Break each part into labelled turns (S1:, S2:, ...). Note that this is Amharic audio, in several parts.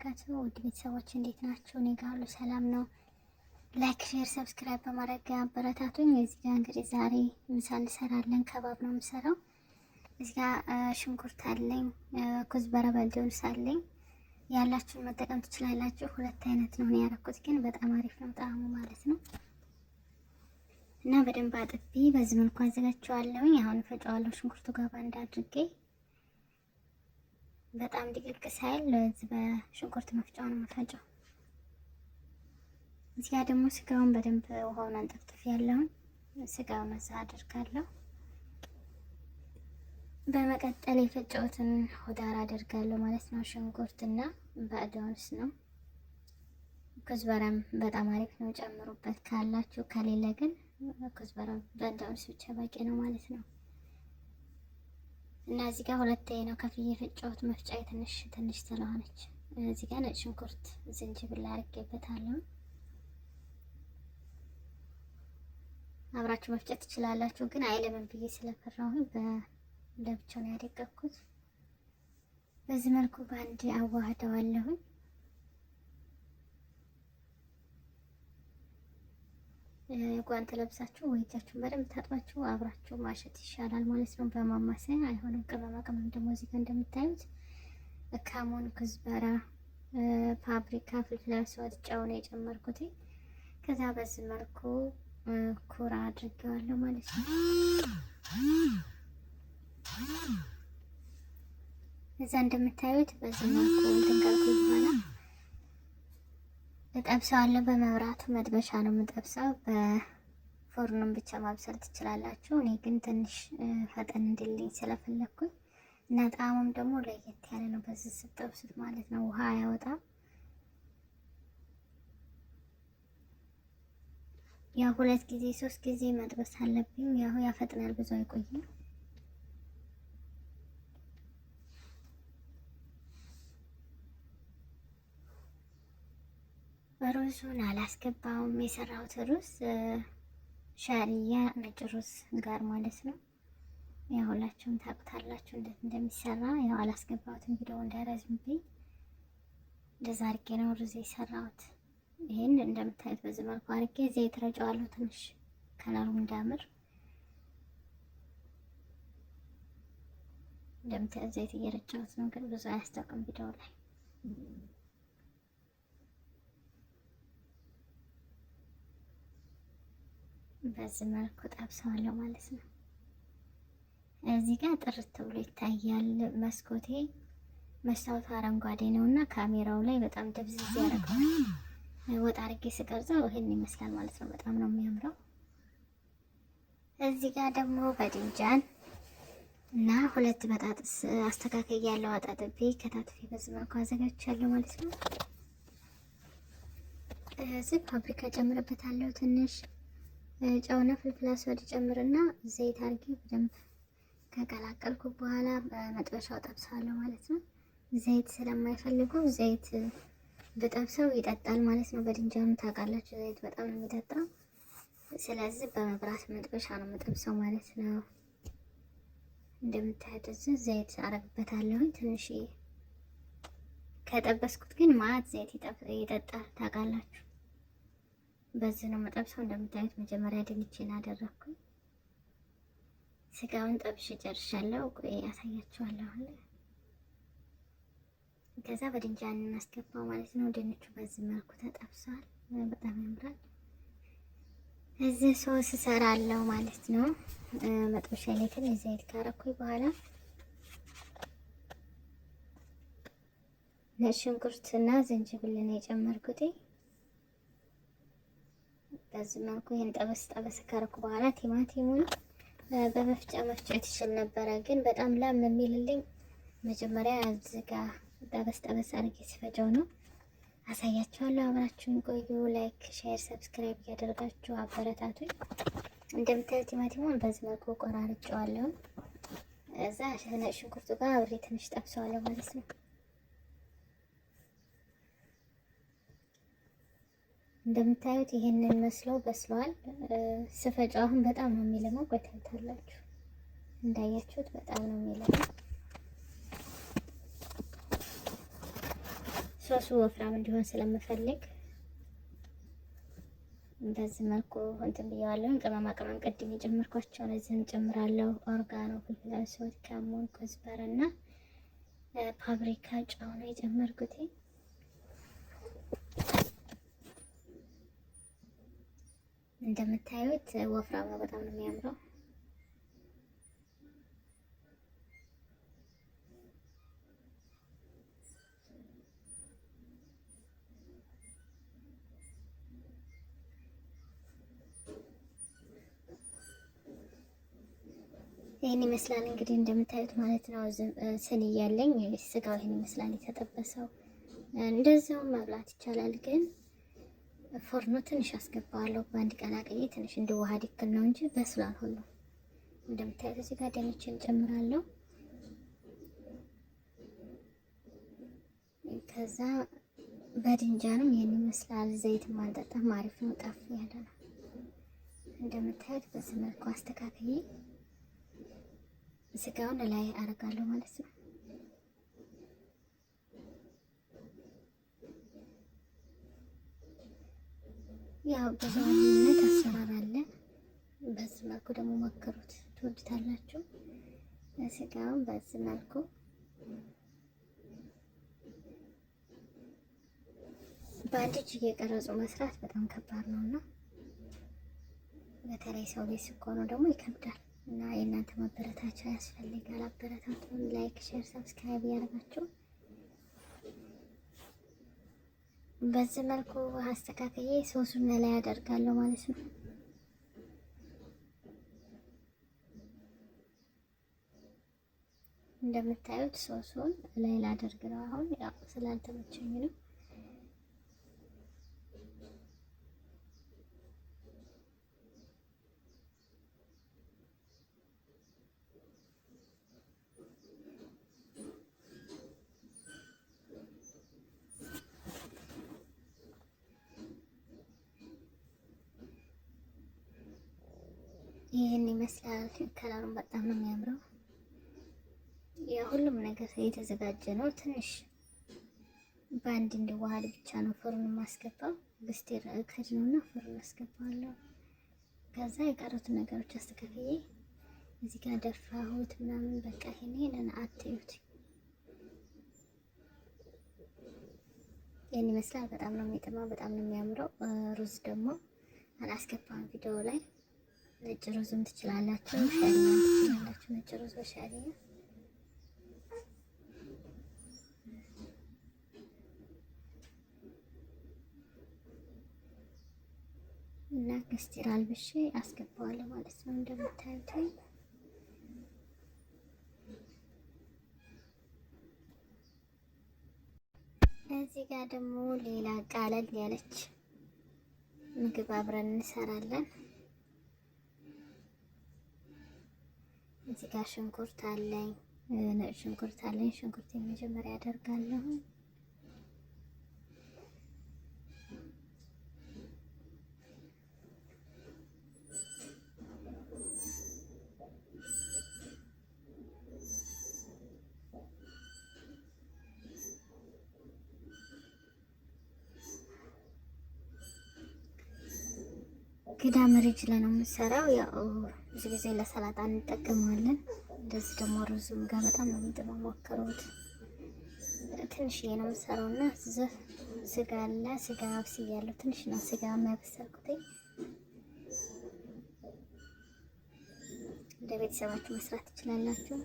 S1: ወበረካቱ ውድ ቤተሰቦች እንዴት ናቸው? እኔ ጋር ሁሉ ሰላም ነው። ላይክ፣ ሼር፣ ሰብስክራይብ በማድረግ አበረታቱኝ። እዚህ ጋር እንግዲህ ዛሬ ምሳ እንሰራለን። ከባብ ነው የምሰራው። እዚህ ጋር ሽንኩርት አለኝ፣ ኩዝበረ በልዶንስ አለኝ። ያላችሁን መጠቀም ትችላላችሁ። ሁለት አይነት ነው ያደረኩት፣ ግን በጣም አሪፍ ነው ጣዕሙ ማለት ነው። እና በደንብ አጥቤ በዚህ መልኩ አዘጋጅቼዋለሁኝ። አሁን ፈጫዋለሁ ሽንኩርቱ ጋር ባንድ አድርጌ በጣም ድቅቅ ሳይል በዚህ በሽንኩርት መፍጫው ነው የምፈጨው። እዚህ ጋር ደግሞ ስጋውን በደንብ ውሃውን አንጠፍጥፍ ያለውን ስጋውን እዛ አድርጋለሁ። በመቀጠል የፈጨሁትን ሆዳር አደርጋለሁ ማለት ነው። ሽንኩርትና ባዕዶንስ ነው። ኩዝበራም በጣም አሪፍ ነው፣ ጨምሩበት ካላችሁ። ከሌለ ግን ኩዝበራ ባዕዶንስ ብቻ በቂ ነው ማለት ነው። እና እዚህ ጋር ሁለቴ ነው ከፍዬ ፈጨሁት። መፍጫ ትንሽ ትንሽ ስለሆነች እዚህ ጋር ነጭ ሽንኩርት፣ ዝንጅብል አድርጌበታለሁ። አብራችሁ መፍጨት ትችላላችሁ፣ ግን አይለምን ብዬ ስለፈራሁኝ ለብቻው ነው ያደቀኩት። በዚህ መልኩ በአንድ አዋህደዋለሁኝ። ጓንት ለብሳችሁ ወይ እጃችሁን በደንብ ታጥባችሁ አብራችሁ ማሸት ይሻላል ማለት ነው። በማማሰያ አይሆንም። ቅመማ ቅመም ደግሞ እዚህ ጋር እንደምታዩት ካሞን፣ ኩዝበራ፣ ፓፕሪካ፣ ፍልፍል ሰዋት ነው የጨመርኩት ከዛ በዚህ መልኩ ኩራ አድርጌዋለሁ ማለት ነው። እዛ እንደምታዩት በዚህ መልኩ ትንቀልኩ በኋላ እጠብሰዋለሁ። በመብራት መጥበሻ ነው የምጠብሰው። በፎርኑም ብቻ ማብሰል ትችላላችሁ። እኔ ግን ትንሽ ፈጠን እንድልኝ ስለፈለግኩኝ እና ጣዕሙም ደግሞ ለየት ያለ ነው። በዚህ ስጠብሱት ማለት ነው ውሃ አያወጣም። ያው ሁለት ጊዜ ሶስት ጊዜ መጥበስ አለብኝ። ያው ያፈጥናል፣ ብዙ አይቆይም። ሩዙን አላስገባውም። የሰራሁት ሩዝ ሻሪያ ነጭ ሩዝ ጋር ማለት ነው። ያው ሁላችሁም ታውቁታላችሁ እንዴት እንደሚሰራ። ያው አላስገባሁትም ቪዲዮ እንዳይረዝምብኝ እንደዛ አድርጌ ነው ሩዝ የሰራሁት። ይህን እንደምታዩት በዚህ መልኩ አድርጌ ዘይት ረጨዋለሁ ትንሽ ከለሩ እንዳምር እንደምታዩት ዘይት እየረጨሁት ነው፣ ግን ብዙ አያስታውቅም ቪዲዮ ላይ በዚህ መልኩ ጠብሰዋለሁ ማለት ነው። እዚህ ጋር ጥርት ብሎ ይታያል መስኮቴ። መስታወቱ አረንጓዴ ነው እና ካሜራው ላይ በጣም ደብዝዝ ያደርገዋል። ወጣ አድርጌ ስቀርጸው ይህን ይመስላል ማለት ነው። በጣም ነው የሚያምረው። እዚህ ጋር ደግሞ በድንጃን እና ሁለት በጣጥስ አስተካከይ ያለው አጣጥቤ ከታትፌ በዚህ መልኩ አዘጋጅቻለሁ ማለት ነው። እዚህ ፓፕሪካ ጨምርበታለሁ ትንሽ ጨውና ፍልፍል አስወድ ጨምርና ዘይት አርጌ በደንብ ከቀላቀልኩ በኋላ በመጥበሻው ጠብሳለሁ ማለት ነው። ዘይት ስለማይፈልጉ ዘይት ብጠብሰው ይጠጣል ማለት ነው። በድንጃውም ታውቃላችሁ፣ ዘይት በጣም ነው የሚጠጣው። ስለዚህ በመብራት መጥበሻ ነው የምጠብሰው ማለት ነው። እንደምታዩት እዚህ ዘይት አረግበታለሁ ትንሽ። ከጠበስኩት ግን ማዕት ዘይት ይጠጣል ታውቃላችሁ። በዚህ ነው መጠብሰው። እንደምታዩት መጀመሪያ ድንችን አደረኩኝ። ስጋውን ጠብሽ ጨርሻለሁ። ቆይ ያሳያችኋለሁ። አሁን ከዛ በድንች እናስገባው ማለት ነው። ድንቹ በዚህ መልኩ ተጠብሷል። በጣም ያምራል። እዚህ ሶስ እሰራለሁ ማለት ነው። መጥበሻ ላይ ትንሽ ዘይት ካረኩኝ በኋላ ነጭ ሽንኩርትና ዝንጅብል ነው በዚህ መልኩ ይህን ጠበስ ጠበስ ካረኩ በኋላ ቲማቲሙን በመፍጫ መፍጨት ይችል ነበረ፣ ግን በጣም ላም የሚልልኝ መጀመሪያ እዚህ ጋ ጠበስ ጠበስ አድርጌ ሲፈጨው ነው። አሳያችኋለሁ። አብራችሁን ቆዩ። ላይክ፣ ሼር፣ ሰብስክራይብ እያደረጋችሁ አበረታቱኝ። እንደምታዩት ቲማቲሙን በዚህ መልኩ ቆራርጨዋለሁ። እዛ ነጭ ሽንኩርቱ ጋር አብሬ ትንሽ ጠብሰዋለሁ ማለት ነው። እንደምታዩት ይሄንን መስሎ በስሏል። ስፈጫ አሁን በጣም ነው የሚለመው። ቆይታታላችሁ እንዳያችሁት በጣም ነው የሚለመው። ሶሱ ወፍራም እንዲሆን ስለምፈልግ በዚህ መልኩ እንትን ብየዋለሁ። ቅመማ ቅመም ቅድም የጨመርኳቸው እዚህም ጨምራለሁ። ኦርጋኖ፣ ፍልፍል፣ ካሞን፣ ኮዝበር እና ፓብሪካ ጨው ነው የጨመርኩት። እንደምታዩት ወፍራም ነው። በጣም ነው የሚያምረው። ይህን ይመስላል እንግዲህ እንደምታዩት ማለት ነው። ስን እያለኝ ስጋው ይህን ይመስላል የተጠበሰው። እንደዚያውም መብላት ይቻላል ግን ፎርኖ ትንሽ አስገባለሁ። በአንድ ቀላቅዬ ትንሽ እንዲዋሃድ ድክል ነው እንጂ በስሏል ሁሉ። እንደምታዩት እዚህ ጋር ደንችን ጨምራለሁ። ከዛ በድንጃንም ይህን ይመስላል። ዘይት ማንጠጣም አሪፍ ነው፣ ጣፍ ያለ ነው። እንደምታዩት በዚህ መልኩ አስተካክዬ ስጋውን ላይ አደርጋለሁ ማለት ነው። ያው ተዘዋዋሪነት አሰራር አለ። በዚህ መልኩ ደግሞ ሞክሩት ትወዱታላችሁ። ስጋውን በዚህ መልኩ በአንድ እጅ እየቀረጹ መስራት በጣም ከባድ ነው እና በተለይ ሰው ቤት ስትሆኑ ደግሞ ይከብዳል እና የእናንተ መበረታቻ ያስፈልጋል። አበረታቱን። ላይክ፣ ሼር፣ ሰብስክራይብ ያደርጋችሁ በዚህ መልኩ አስተካክዬ ሶሱን ላይ አደርጋለሁ ማለት ነው። እንደምታዩት ሶሱን ላይ ላደርግ ነው። አሁን ያው ስላልተመቸኝ ነው። ይህን ይመስላል። ከለሩም በጣም ነው የሚያምረው። የሁሉም ነገር የተዘጋጀ ነው። ትንሽ በአንድ እንዲዋሃድ ብቻ ነው ፍሩን የማስገባው። ብስቴር ከድኑና ፍሩን አስገባዋለሁ። ከዛ የቀሩት ነገሮች አስተካክዬ እዚህ ጋር ደፋሁት ምናምን በቃ ይሄንን አትዩት። ይህን ይመስላል። በጣም ነው የሚጥመው፣ በጣም ነው የሚያምረው። ሩዝ ደግሞ አላስገባም ቪዲዮ ላይ ነጭ ሩዝም ትችላላችሁ፣ ሻሪያ ትችላላችሁ። ነጭ ሩዝ በሻሪያ እና ከስቲር አልብሼ አስገባዋለሁ ማለት ነው። እንደምታዩት እዚህ ጋር ደግሞ ሌላ ቃለል ያለች ምግብ አብረን እንሰራለን። እዚህ ጋር ሽንኩርት አለኝ፣ ነጭ ሽንኩርት አለኝ። ሽንኩርት የመጀመሪያ አደርጋለሁ። ግዳ መሬጅ ላይ ነው የምሰራው ያው ብዙ ጊዜ ለሰላጣ እንጠቀመዋለን። እንደዚህ ደግሞ ሩዝም ጋር በጣም ነው የሚጥመው። ሞክሩት። ትንሽዬ ነው የምሰራው እና ዝህ ስጋ አለ። ስጋ አብስያለሁ። ትንሽ ነው ስጋ የሚያበሰርኩት። እንደ ቤተሰባችሁ መስራት ትችላላችሁ።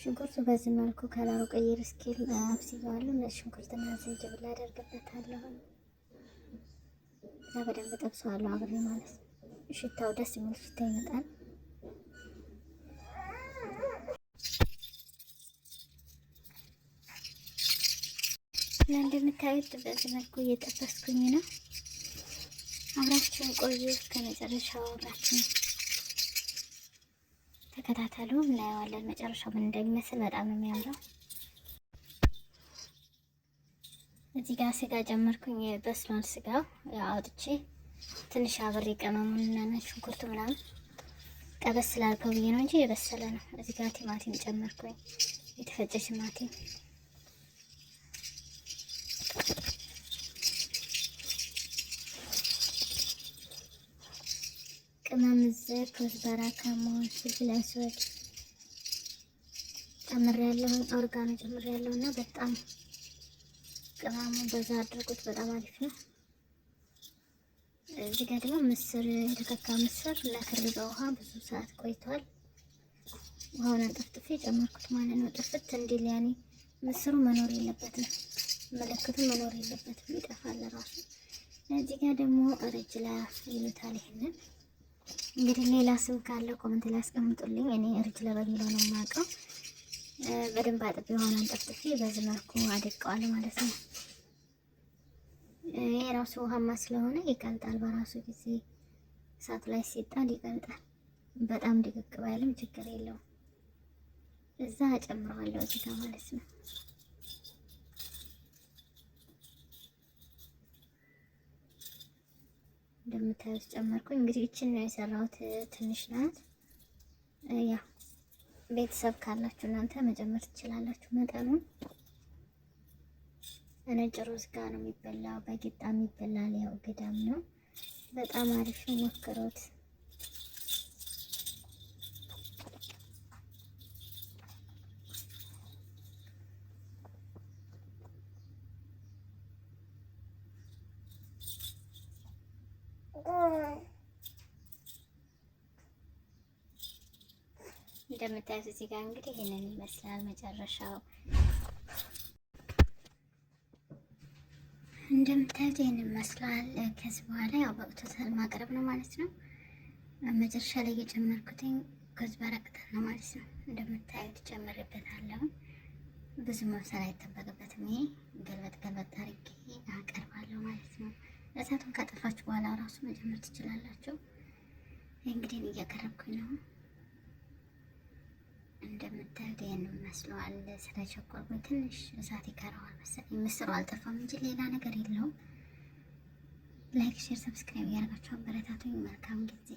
S1: ሽንኩርት በዚህ መልኩ ከለሩ ቀይር እስኪል አብስያዋለሁ። ነጭ ሽንኩርትና ዝንጅብል አደርግበታለሁ። እዛ በደንብ ጠብሰዋለሁ አብሬ ማለት ነው። ሽታው ደስ የሚል ሽታ ይመጣል። እና እንደምታዩት በዚህ መልኩ እየጠበስኩኝ ነው። አብራችሁን ቆዩ እስከ መጨረሻው አብራችሁ ተከታተሉ፣ እናየዋለን መጨረሻው ምን እንደሚመስል። በጣም ነው የሚያምረው። እዚህ ጋር ስጋ ጨመርኩኝ። የበስሎን ስጋ አውጥቼ ትንሽ አብሬ ቀመሙንና ነጭ ሽንኩርቱ ምናምን ቀበስ ስላልከው ብዬ ነው እንጂ የበሰለ ነው። እዚህ ጋር ቲማቲም ጨመርኩኝ፣ የተፈጨ ቲማቲም ምስር፣ ኮዝበራ፣ ከሞን፣ ዝግለ ስወድ ጨምሬያለሁ። ኦርጋኖ ጨምሬያለሁ እና በጣም ቅመሙ በዛ አድርጉት። በጣም አሪፍ ነው። እዚህ ጋር ደግሞ ምስር የተከካ ምስር ለክር ክር በውሃ ብዙ ሰዓት ቆይቷል። ውሃውን አጠፍጥፌ ጨመርኩት ማለት ነው። ጥፍት እንዲል ያኔ ምስሩ መኖር የለበትም፣ ምልክቱ መኖር የለበትም፣ ይጠፋል ራሱ። እዚህ ጋር ደግሞ ረጅላ ይሉታል ይሄንን እንግዲህ ሌላ ስም ካለ ኮመንት ላይ አስቀምጡልኝ። እኔ ሪጅላ በሚለው ነው የማውቀው። በደንብ አጥብ የሆነ አንጠፍጥፌ በዚህ መልኩ አደቀዋል ማለት ነው። ራሱ ውሃማ ስለሆነ ይቀልጣል። በራሱ ጊዜ እሳት ላይ ሲጣል ይቀልጣል። በጣም ድቅቅ ባይልም ችግር የለውም። እዛ ጨምረዋለሁ እዚህ ጋር ማለት ነው። እንደምታዩት ጨመርኩኝ። እንግዲህ እችን ነው የሰራሁት፣ ትንሽ ናት። ያ ቤተሰብ ካላችሁ እናንተ መጨመር ትችላላችሁ መጠኑን። ነጭ ሩዝ ጋር ነው የሚበላው፣ በቂጣም ይበላል። ያው ግዳም ነው። በጣም አሪፍ ነው፣ ሞክሩት። እንደምታዩት እዚህ ጋር እንግዲህ ይህንን ይመስላል መጨረሻው። እንደምታዩት ይህን ይመስላል። ከዚህ በኋላ ያው በቅቶታል ማቅረብ ነው ማለት ነው። መጨረሻ ላይ የጨመርኩትኝ ኮዝበራ ቅጠል ነው ማለት ነው። እንደምታዩት ጨምርበታለሁ። ብዙ መብሰል አይጠበቅበትም። ይሄ ገልበጥ ገልበጥ አድርጌ አቀርባለሁ ማለት ነው። እሳቱን ካጠፋችሁ በኋላ ራሱ መጨመር ትችላላችሁ። እንግዲህ እያቀረብኩኝ ነው። እንደምታዩት ይህን መስለዋል። ስለቸኮልኩኝ ትንሽ እሳት ይቀረዋል መሰለኝ። ምስሩ አልጠፋም እንጂ ሌላ ነገር የለውም። ላይክ፣ ሼር፣ ሰብስክራይብ ያደርጋችሁ አበረታቱኝ። መልካም ጊዜ